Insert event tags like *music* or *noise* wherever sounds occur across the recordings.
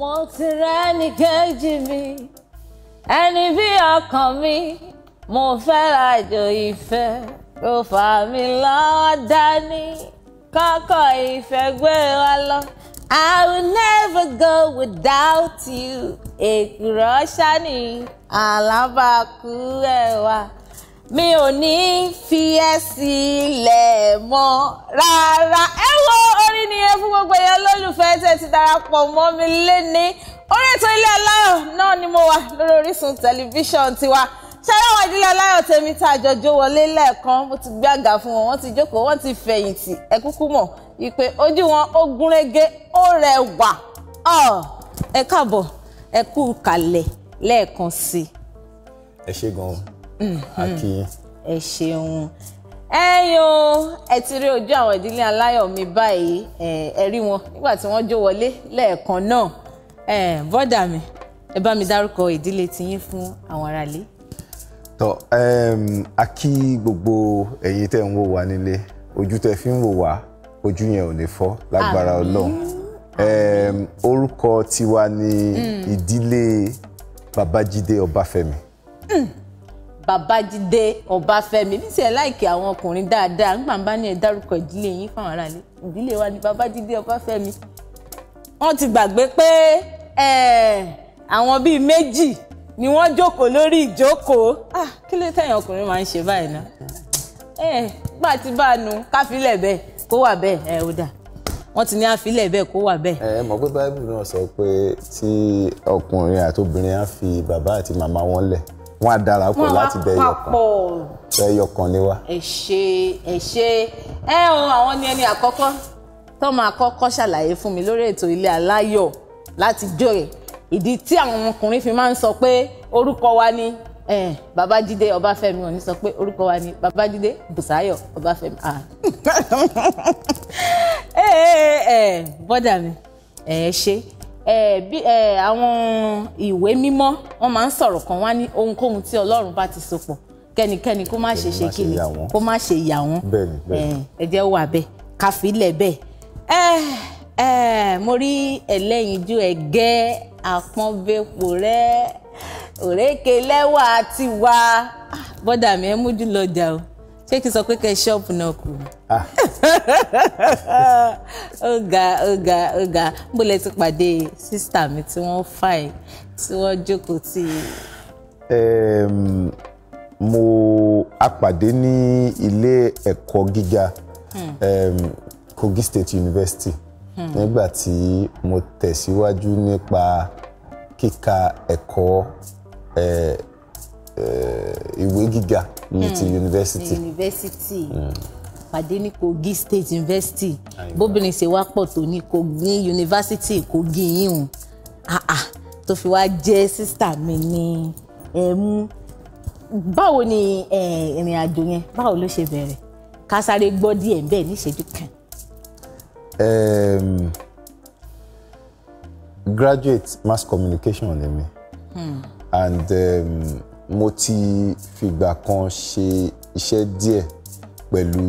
mo ti rẹ́ni kejì mi ẹni bí ọkàn mi mo fẹ́ rajo ìfẹ́ kò fà mí lọ́wọ́ dání kọ́kọ́ ìfẹ́ gbé wa lọ. I will never go without you. Èkùrọ́ ṣáni àlábàkú ẹ̀wà mi ò ní fi ẹ́ sílẹ̀ mọ́ rárá ẹ wo orin nìyẹn fún gbogbo èèyàn lólùfẹ́ tẹ́ ti darapọ̀ mọ́ mi léni orí ètò ilé aláyọ̀ náà ni mo wà lórí Orísun tẹlifíṣàn tiwa ṣẹlẹ wà ìdílé aláyọ̀ tèmi tá a jọjọ wọlé lẹ́ẹ̀kan mo ti gbé àga fún wọn wọ́n ti jókòó wọ́n ti fẹ̀yìntì ẹ kúkú mọ̀ ìpè ojú wọn ó gúnrégé ó rẹwà ẹ káàbọ̀ ẹ kú kalẹ̀ lẹ́ẹ̀kan sí ẹ ṣe gan-an àkì. ẹ ṣeun ẹyin o ẹ ti rí ojú àwọn ìdílé aláyọ̀ mi báyìí ẹ rí wọn nígbà tí wọ́n jó wọlé lẹ́ẹ̀kan náà bọ́dà mi ẹ bá mi dárúkọ ìdílé tiyín fún àwọn aráalé. tọ a kí gbogbo ẹ̀yin tẹ́ ń wò wá nílé ojú tẹ́ fi ń wò wá ojú yẹn ò ní fọ́ lágbára Ọlọ́run orúkọ tiwa ni mm. ìdílé Babájídé Ọbáfẹ́mi. Mm babájídé ọbáfẹ́mi ní tiẹ̀ láìkí àwọn ọkùnrin dáadáa ń gbàǹbá ní ẹ dárúkọ ìdílé yín fáwọn aráàlú ìdílé wa ní babájídé ọbáfẹ́mi wọ́n ti gbàgbé pé àwọn bíi méjì ni wọ́n jókòó lórí ìjókòó ah kí ló tẹ̀yìn ọkùnrin máa ń ṣe báyìí ná ẹ gbà tí bá nu káfílẹ̀ bẹ́ẹ̀ kó wà bẹ́ẹ̀ ẹ ó dà wọ́n ti ní àfilẹ̀ bẹ́ẹ̀ kó wà bẹ́ẹ̀. ẹ mọ̀ pé báíbù náà sọ pé tí ọkùnrin àti obìnrin á fi bàbá àti màmá wọn lẹ̀ wọn á darapọ̀ láti bẹ ẹyọkan bẹ ẹyọkan lé wa. ẹ ṣe ẹ ṣe ẹ o àwọn ni ẹni àkọ́kọ́ tó máa kọ́kọ́ ṣàlàyé fún mi lórí ètò ilé aláyọ̀ láti jòrè ìdí tí àwọn ọkùnrin fi máa ń sọ pé orúkọ wa ni Eh, Babájídé Ọbáfẹ́mi òní sọ pé orúkọ wa ni Babájídé Bùsáyọ̀ Ọbáfẹ́mi ah *laughs* ee eh, eh, eh, bọ́dà mi ẹ ṣe Eh, bí eh, àwọn ìwé mímọ́ wọ́n máa ń sọ̀rọ̀ kan wá ní ohunkóhun tí Ọlọ́run bá ti so pọ̀ kẹ́nikẹ́ni kó má ṣe ṣe kíni kó má ṣe yà wọ́n eh, ẹ jẹ́ wà bẹ́ẹ̀ káfílẹ̀ bẹ́ẹ̀ ẹ ẹ mo rí ẹlẹ́yinjú ẹ̀gẹ́ àpọ́nbẹ́pọ̀ rẹ òrékelẹ́wà tiwa ah, bọ́dà mi ẹ mójú lọ́jà o ṣé kí n sọ pé kẹ ṣọ́ọ̀bù náà kù. Ah. *laughs* ó ga ó ga ó ga bó lẹ ti pàdé sísítà mi tí wọ́n fàì tí wọ́n jókòó tì í. mo apàdé ní ilé ẹ̀kọ́ gíga hmm. Kogi State University hmm. nígbà tí mo tẹ̀síwájú nípa kíka ẹ̀kọ́ eh, eh, ìwé gíga ní ti yunifásitì ní yunifásitì pàdé ní Kogi State University bóbìnrin ṣe wá pọ̀ tó ní Kogi University Kogi yìí hùn ah ah tó fi wá jẹ́ sísítà mi ní ẹ̀mú báwo ni ìrìn àjò yẹn báwo ló ṣe bẹ̀rẹ̀ ká sáré gbọ́ díẹ̀ bẹ́ẹ̀ ní kan. graduate mass communication lèmi hmm. and um, mo ti fìgbà kan ṣe iṣẹ́ díẹ̀ pẹ̀lú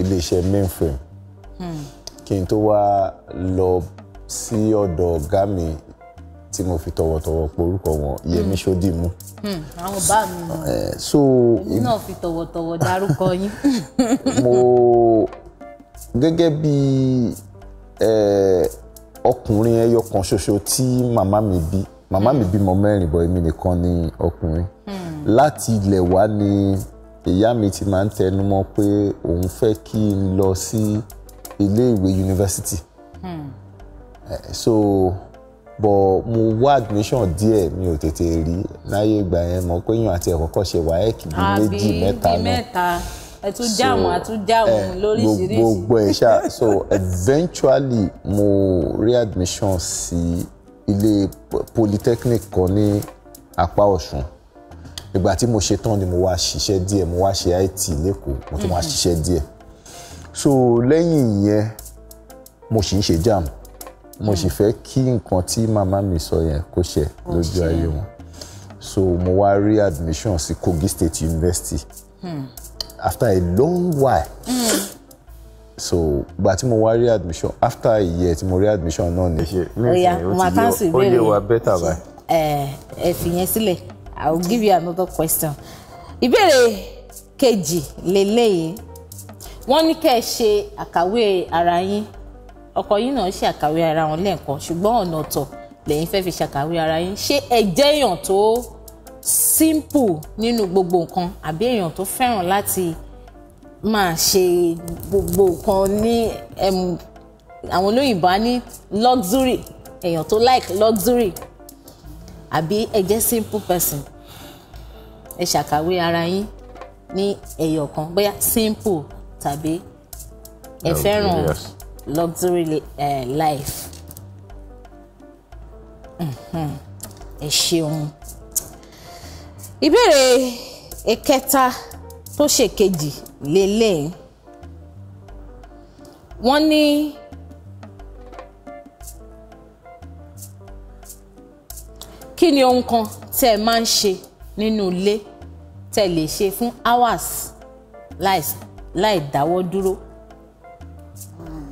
iléeṣẹ́ mainframe hmm. kí n tó wá lọ sí ọ̀dọ̀ ọ̀gá mi tí mo fi tọ̀wọ̀tọ̀wọ̀ porúkọ wọn hmm. Yẹmí Ṣódìmú. Hmm. àwọn bá mi mọ eh, so èmi náà fi tọ̀wọ̀tọ̀wọ̀ dárúkọ yín. *laughs* mo gẹ́gẹ́ bí eh, ọkùnrin ẹyọ kan ṣoṣo tí màmá mi bí màmá hmm. mi bímọ mẹ́rin bọ̀ èmi nìkan ni ọkùnrin hmm. láti ilẹ̀ wá ni ìyá mi ti máa ń tẹnu mọ́ pé òun fẹ́ kí n lọ sí ilé ìwé yunifásitì hmm. eh, so bọ̀ mo wá admission díẹ̀ mi ò tètè rí láyé ìgbà yẹn mọ̀ pé yàn àti ẹ̀kọ́kọ́ ṣe wáyé kì bí ah, méjì mẹ́ta náà ẹtújáwọn ẹtújáwọn eh, lóríṣiríṣi gbogbo ẹ̀ ṣá so *laughs* eventually mo re admission sí ilé polytechnic kan ní apá ọ̀ṣun ìgbà tí mo ṣe tán ni mo wá ṣiṣẹ́ díẹ̀ mo wá ṣe IT lẹ́kọ̀ọ́ mo tún wá mhm. ṣiṣẹ́ díẹ̀ so lẹ́yìn ìyẹn mo sì ń ṣe jam mo sì mhm. fẹ́ kí nǹkan tí màmá mi sọ yẹn kó ṣe lójú ayé wọn so mo wá rí admission sí Kogi State University hmm. after a long while. Hmm so gba tí mo wá rí admission after a year tí mo rí admission náà ni. oya ma tán sí ìbéèrè ó wa better báyìí. ẹ ẹ fìyẹn sílẹ̀ i will give you another question ìbéèrè kejì lélẹ́yìí wọ́n ní kẹ́ ẹ ṣe àkàwé ara yín ọkọ yín náà ṣe àkàwé ara wọn lẹ́ẹ̀kan ṣùgbọ́n ọ̀nà ọ̀tọ̀ lẹ́yìn fẹ́ fi ṣàkàwé ara yín ṣé ẹ èèyàn tó simple nínú gbogbo nǹkan àbí èèyàn tó fẹ́ràn láti máa ṣe gbogbo nǹkan ní àwọn olóyìnbó á ní luxury èèyàn tó like luxury àbí ẹ jẹ́ simple person ẹ ṣàkàwé ara yín ní ẹyọ kan bóyá simple tàbí ẹ fẹ́ràn luxury life ẹ ṣeun ìbéèrè ẹ̀kẹta. E tó ṣèkejì lélẹ́yìn wọ́n ní kí ni ohun kan tẹ́ ẹ máa ń ṣe nínú ilé tẹ́ ẹ lè ṣe fún hours láì dáwọ́ dúró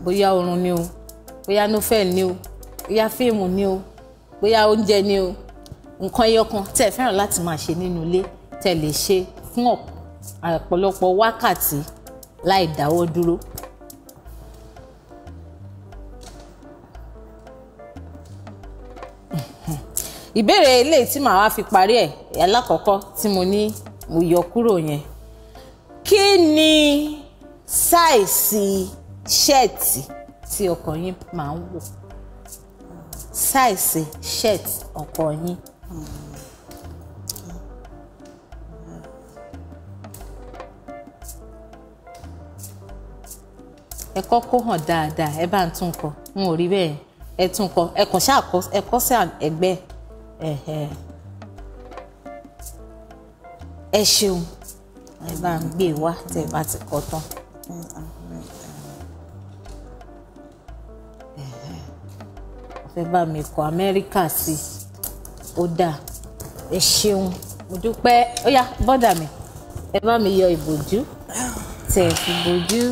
bóyá oorun ni o bóyá nofẹ̀l ni o bóyá fíìmù ni o bóyá oúnjẹ ni o nǹkan ẹyọ tẹ́ ẹ fẹ́ràn láti máa ṣe nínú ilé tẹ́ ẹ lè ṣe fún ọ̀pọ̀ ọ̀pọ̀lọpọ̀ wákàtí láì dáwọ́ dúró. ìbéèrè eléyìí tí màá wá fi parí ẹ̀ alákọ̀ọ́kọ́ tí mo ní mo yọ kúrò yẹn kí ni sáìsì ṣẹ́ẹ̀tì tí ọkọ yín máa ń wọ̀ sáìsì ṣẹ́ẹ̀tì ọkọ yín. Mm. ẹkọ kọ́ kó hàn dáadáa ẹ bá ń tún kọ n ò rí bẹ́ẹ̀ ẹ tún kọ ẹ kàn ṣáà kọ ẹ sí ẹgbẹ́ ẹ ṣeun ẹ bá ń gbé wá tẹ bá ti kọ tán. fẹ́ bá mi kọ amẹ́ríkà sí ó dà ẹ ṣeun mo dúpẹ́ ó yá bọ́dà mi ẹ bá mi yọ ìbòjú tẹ̀ ìbòjú.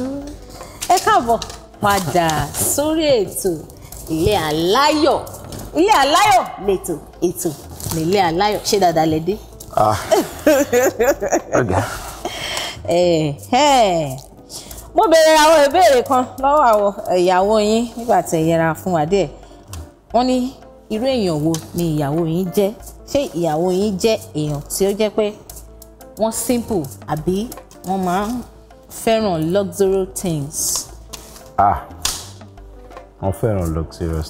káàbọ̀ padà sórí ètò ilé aláyọ̀ ilé aláyọ̀ lètò ètò nílé aláyọ̀ ṣé dáadáa lẹ dé. Ah. *laughs* mo béèrè àwọn ìbéèrè kan lọ́wọ́ àwọn ìyàwó yín nígbà tẹ̀ yẹra fún wa díẹ̀ wọ́n ní irú èèyàn wo ni ìyàwó yín jẹ́ ṣé ìyàwó yín jẹ́ èèyàn tí ó jẹ́ pé wọ́n simple àbí wọ́n máa ń fẹ́ràn luxury things ah wọ́n fẹ́ràn luxurious.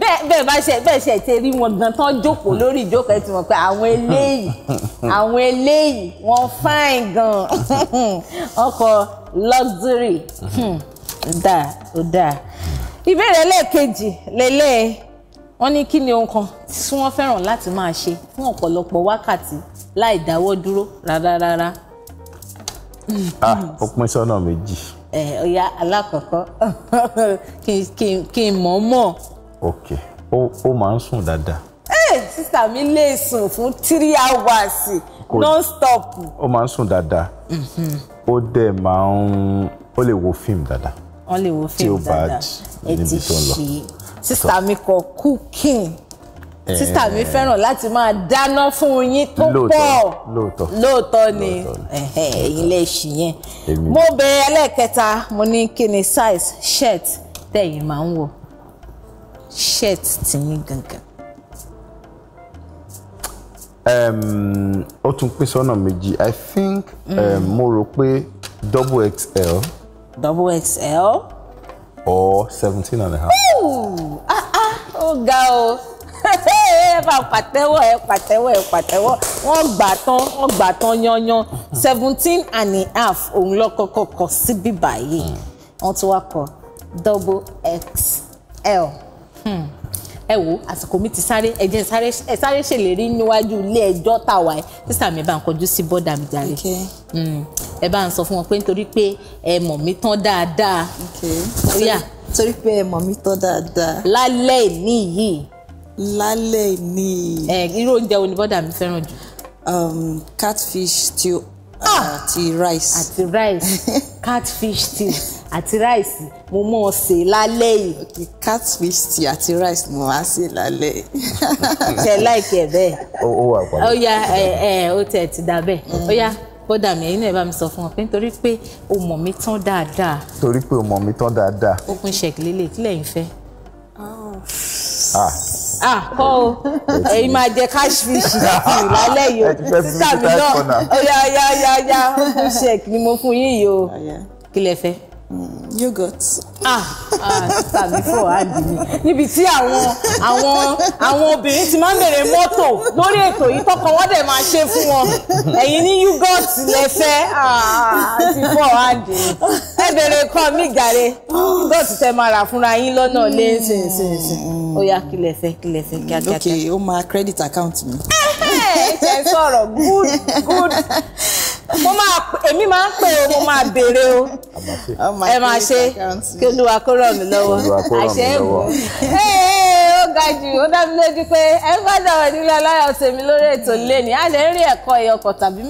bẹ́ẹ̀ bẹ́ẹ̀ bá ṣe bẹ́ẹ̀ ṣe ti rí wọn gan tán jókòó lórí ìjókòó ẹ̀ tí wọ́n pé àwọn eléyìí àwọn eléyìí wọ́n fine gan ọkọ̀ luxury hmm, ó dáa ó dáa ìbéèrè lẹ́ẹ̀kejì lélẹ́ẹ̀ wọ́n ní kí ni ohun kan tí wọ́n fẹ́ràn láti máa ṣe fún ọ̀pọ̀lọpọ̀ wákàtí láì dáwọ́ dúró rárá rárá ah ó pín sọ́nà méjì. ẹ ọ̀ya alákọ̀ọ́kọ́ *laughs* kí n mọ̀ mọ̀. ok ó máa ń sùn dáadáa. ẹ sísá mi lè sùn fún three hours non-stop. ó máa ń sùn dáadáa mhm. ó dẹ̀ máa ń ó lè wo fíìmù dáadáa. wọ́n lè wo fíìmù dáadáa ẹ ti ṣe sísá mi kọ cooking Eh. sísítà mi fẹ́ràn láti máa dáná fún yín tó pọ̀ lóòótọ́ ni ẹ̀yin lè ṣì yẹn mo bẹ ẹlẹ́ẹ̀kẹta mo ní kí size shirt tẹ̀yìn máa ń wọ̀ shirt ti gangan. ó tún pín sọ́nà méjì i think um, mm. mo rò pé double xl. double xl. or seventeen and a half. Ah, ah ó ga o *laughs* ẹ bá pàtẹ́wọ́ ẹ pàtẹ́wọ́ ẹ pàtẹ́wọ́ wọ́n gbà tán wọ́n gbà yanyan seventeen and a half òun lọ́kọ́kọ́ si síbí báyìí wọ́n tún wá kọ double xl. Hmm ẹ wo àsìkò mi ti sáré ẹ jẹ́ ẹ sáré ṣèlérí níwájú ilé ẹjọ́ tà wá ẹ sísà mi bá ń kọjú sí bọ́dà mi jàre hmm. ẹ bá ń sọ fún wọn pé nítorí pé ẹ mọ̀ mí tán dáadáa. torí pé ẹ mọ̀ mí tán dáadáa. lálẹ́ ìní yìí lálẹ́ ni. ẹ irú oúnjẹ wo ni bọ́dà mi fẹ́ràn jù. Um, catfish stew àti uh, ah! rice. àti rice *laughs* catfish stew àti rice mo mọ̀ ọ́ lálẹ́ yìí. okay catfish stew àti rice mo máa sè lálẹ́ yìí. ṣe láìkí ẹ bẹ́ẹ̀. ó wà pàdé. ó yá ẹ ẹ ó tẹ̀ ti dà bẹ́ẹ̀ mm. ó yá bọ́dà mi ẹ̀yin náà ẹ bá mi sọ fún wọn pé nítorí pé o mọ̀ mi tán dáadáa. torí pé o mọ̀ mi tán dáadáa. ó pín ṣẹ̀kì lélẹ̀ kí lẹ́yìn fẹ́. Oh. Ah ah kọ́ o èyí máa jẹ cash fish lálẹ́ yìí o sísá mi náà ọ̀yà ọ̀yà ọ̀yà ọ̀yà ọ̀hún ṣèk ni mo fún yín yìí o oh, kí fẹ́. Mm, yogurt. ah ah sísá mi fò áàdì mi níbi tí àwọn àwọn àwọn obìnrin ti máa ń bèrè mọ́tò lórí ètò yìí tọkọ wọ́n dẹ̀ máa ṣe fún wọn ẹ̀yin ní yogurt lẹ fẹ́ ah ti fò bẹ̀rẹ̀ kọ́ mi ebe gọ́ọ̀tù tẹ máa rà fúnra yín lọ́nà lé ṣinṣinṣin mm, mm, mm. ó yá kílẹ̀ fẹ́ kílẹ̀ fẹ́ ok o ma credit account mi. good good mo ma èmi o mo ma bere o Ema se. ṣe kí olúwa kó ràn mí o àṣẹ ẹ̀bùn ó ga jù ó alaya lójú pé ẹ lórí ètò a lè rí ẹ̀kọ́ ẹ̀yọkọ̀ tàbí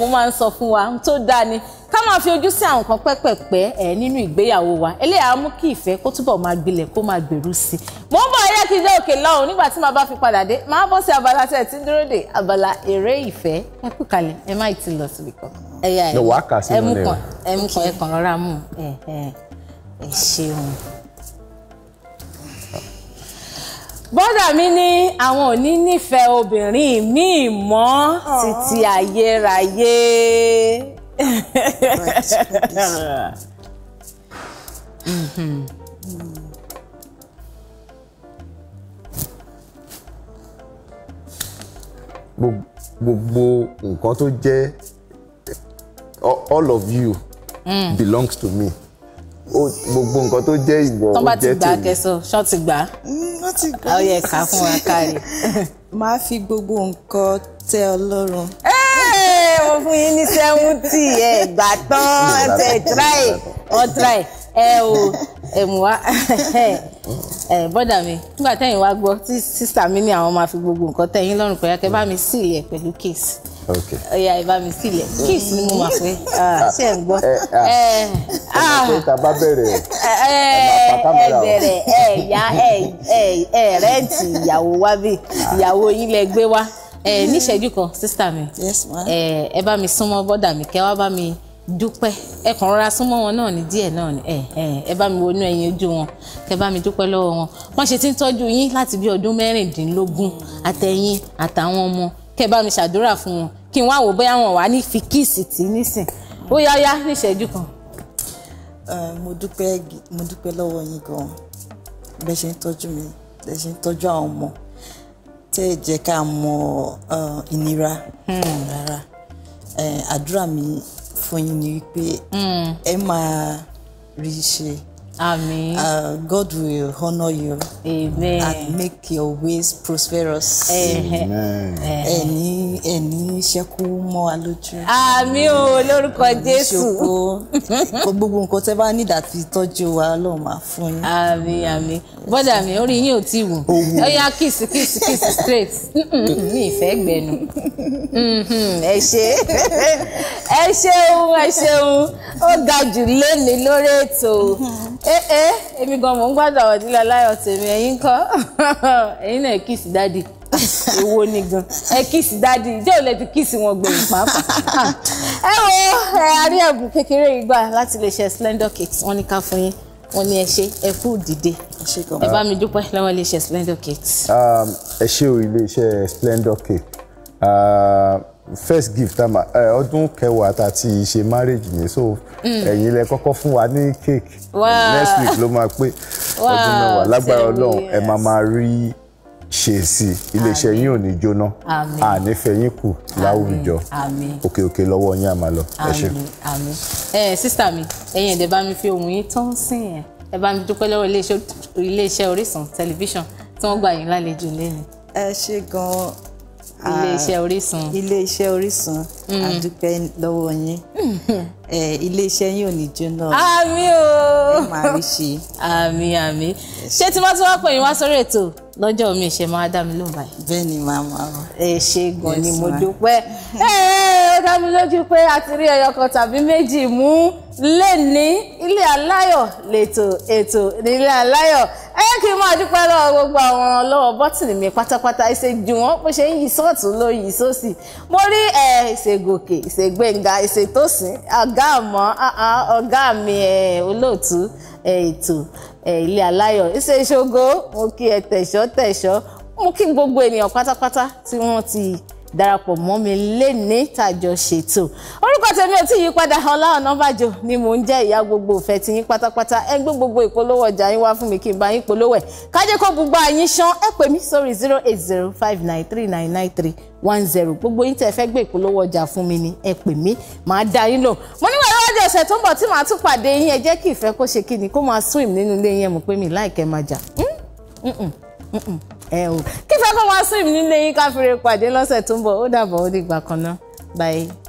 mo máa ń fún wa tó ni ká máa fi ojú sí àwọn nǹkan pẹ́pẹ̀pẹ́ ẹ̀ nínú ìgbéyàwó wa eléyàá mú kí ìfẹ́ kó túbọ̀ máa gbilẹ̀ kó máa gbèrú sí i. mò ń bọ̀ ẹyẹ kí n dé òkè lọ́hùn nígbà tí màá bá fi padà dé màá bọ́ sí abala tẹ̀ tí ń dúró dé abala eré ìfẹ́ ẹ kú kalẹ̀ ẹ má ti lọ síbi kan. ẹyà ẹ ẹmú kan ẹmú kan ẹ kàn rọra mú ẹ ẹ ṣeun. bọ́dà mi ní àwọn ò ní nífẹ̀ẹ́ obìnrin míì mm-hmm. *laughs* mm. gbogbo nǹkan tó jẹ́ all of you mm. belongs to me gbogbo nǹkan tó jẹ́ ìwọ ó jẹ́ tèmi. tó bá ti gbà kẹsàn ṣọ́ ti gbà. Mm, wọ́n ti gbà ká fún wa kárí. *laughs* máa fi gbogbo nǹkan tẹ́ Ọlọ́run wọ́n fún yín ní seventy ẹ̀ gbà tán ẹ̀ try ọ̀ try ẹ o ẹ mú wa ẹ bọ́dà mi nígbà tẹ́yìn wá gbọ́ tí sísà mi ní àwọn máa fi gbogbo nǹkan tẹ́yìn lọ́rùn pẹ̀lú akẹ́ bá mi sílẹ̀ pẹ̀lú kéèsì okay. ọyà ẹ bá mi sílẹ̀ kiss ni mo máa fẹ́ *laughs* ah. ṣe ẹ gbọ́. Eh, ah. ẹ ẹ ta bá bẹ̀rẹ̀ ah. ẹ bẹ̀rẹ̀ ẹ ya ẹ ẹ rẹ́ǹtì ìyàwó wa bí ìyàwó yín lẹ gbé wá ẹ eh, níṣẹ́jú kan sísítà mi eh, ẹ bá mi súnmọ́ bọ́dà mi kẹ́ wá bá mi dúpẹ́ ẹ kàn rọra súnmọ́ wọn náà ní díẹ̀ náà ni ẹ eh, ẹ ẹ bá mi wọnú ẹyin ojú wọn kẹ́ bá mi dúpẹ́ lọ́wọ́ wọn wọ́n ṣe ti ń tọ́jú yín láti bí ọdún mẹ́rìndínlógún àtẹ̀yìn àtàwọn ọmọ kẹ́ bá mi ṣàdúrà fún wọn kí n wá wò bóyá wọn wà ní fíkìsì tí nísìn ó yáyá níṣẹ́jú kan. mo dúpẹ́ mo dúpẹ́ lọ́wọ́ yín gan-an bẹ́ẹ̀ ṣe ń tọ́jú mi bẹ́ẹ̀ ṣe ń tọ́jú àwọn ọmọ tẹ́ jẹ́ ká mọ ìnira hmm. rárá àdúrà mi fún yín ni wípé hmm. ẹ máa rí ṣe. Amen. Uh, God will honor you. Amen. And make your ways prosperous. Amen. Ẹni ẹni ṣẹ́kù mọ́ wa lójú. Àmín o lórúkọ Jésù. Ṣoko gbogbo nǹkan tẹ́ bá ní ìdàtí tọ́jú wa Ọlọ́run máa fún yín. Àmín àmín. Bọ́dà mi orí yín ò tí wù. Ó yá kìsì kìsì kìsì straight. Mi ìfẹ́ gbẹ̀nu. Mm-hmm, ẹ ṣe ẹ ṣeun ẹ ṣeun ó ga jù lénìí lórí ètò. Mm-hmm eh ee eh. èmi gan mò ń gbádùn àwọn ìdílé aláyọ̀ tèmi ẹ̀yin kọ́ *laughs* ẹ̀yin náà kiss *laughs* daddy èwo ni gan ẹ kiss daddy jẹ́ ò lè ti kiss wọn gbẹ̀yìn pàápàá *laughs* ẹ wo ẹ a rí ẹ̀bùn kékeré yìí gbà láti lè ṣe Splendor Cakes wọ́n ní ká fún yín wọ́n ní ẹ ṣé ẹ kú dìde ẹ bá mi dúpẹ́ lọ́wọ́ ilé iṣẹ́ Splendor Cakes. Um, ẹ ṣé o ilé iṣẹ́ Splendor Cakes. Uh, first gift ọdún kẹwàá tá a ti ṣe marriage mi so ẹ̀yin lẹ kọ́kọ́ fún wa ní cake next week ló máa pé ọdún mẹ́wàá lágbára ọlọ́run ẹ máa máa rí ṣe sí iléeṣẹ́ yín ò ní jóná ànífẹ́ yín kù láwùjọ òkè òkè lọ́wọ́ yín àmà lọ ẹ ṣé. ẹ sísá mi ẹ̀yin ẹdẹ bá mi fi ohùn yín tó ń sìn yẹn ẹ bá mi dúpẹ́ lọ́wọ́ iléeṣẹ́ Orísun tẹlifíṣàn tí wọ́n gbà yín lálejò lẹ́nu. ẹ ṣé gan-an iléeṣẹ́ ah, Orísun iléeṣẹ́ Orísun àdúpẹ́ mm. lọ́wọ́ yín *laughs* eh, iléeṣẹ́ yín ò ní jóná àmín o ẹ máa rí ṣe. àmín àmín ṣé tí wọ́n ti wá pè yín wá sórí ètò lọ́jọ́ mi ṣe máa dá mi lóhùn báyìí. bẹ́ẹ̀ ni màmá o. ẹ ṣe gan ni mo dúpẹ́ *laughs* ẹ ẹ dá mi lójú pé a ti rí ẹyọ kan tàbí méjì mú lẹ́ni ilé aláyọ̀ lẹ́tọ̀ ètò nílé aláyọ̀ ẹ kí n máa dúpẹ́ lọ́wọ́ gbogbo àwọn lọ́wọ́ bọ́tìnì mi pátápátá ìṣe jù wọ́n bó ṣe ń yí sọ́ọ̀tún ló yí sósì mo rí ẹ ìṣègòkè ìṣègbèǹga ìṣètòsìn ọ̀gá àmọ́ ọ̀gá mi olóòtú ètò ilé aláyọ̀ ìṣe ìṣògo mo kí ẹ tẹ̀ṣọ́ tẹ̀ṣọ́ mo kí gbogbo ènìyàn pátápátá tí wọ́n ti. darapọ̀ mọ́ mi lénìí tàjọ ṣètò orúkọ tèmi ò tí yí padà Ọlá Ọ̀nàbàjọ ni mò ń jẹ́ ìyá gbogbo ìfẹ́ tí yín pátápátá ẹ gbé gbogbo ìpolówó ọjà yín wá fún mi kí n bá yín polówó ẹ̀ kájẹ́ kó gbogbo àyín ṣan ẹ pè mí sórí zero eight zero five nine three nine nine three one zero gbogbo yín tẹ́ fẹ́ gbé ìpolówó ọjà fún mi ni ẹ pè mí màá dá yín lò mo níwà lọ́wọ́dẹ ọ̀sẹ̀ tó ń bọ̀ tí màá tún pàdé yín ẹ jẹ́ kí ìfẹ́ kó ṣe kí kó máa swim nínú ilé yín ẹ pé mi láìkẹ́ máa jà ẹ o kí fẹ́ kó wá sí mi nílé yín ká pàdé lọ́sẹ̀ tó ń bọ̀ ó dàbọ̀ ó dìgbà kan náà bye.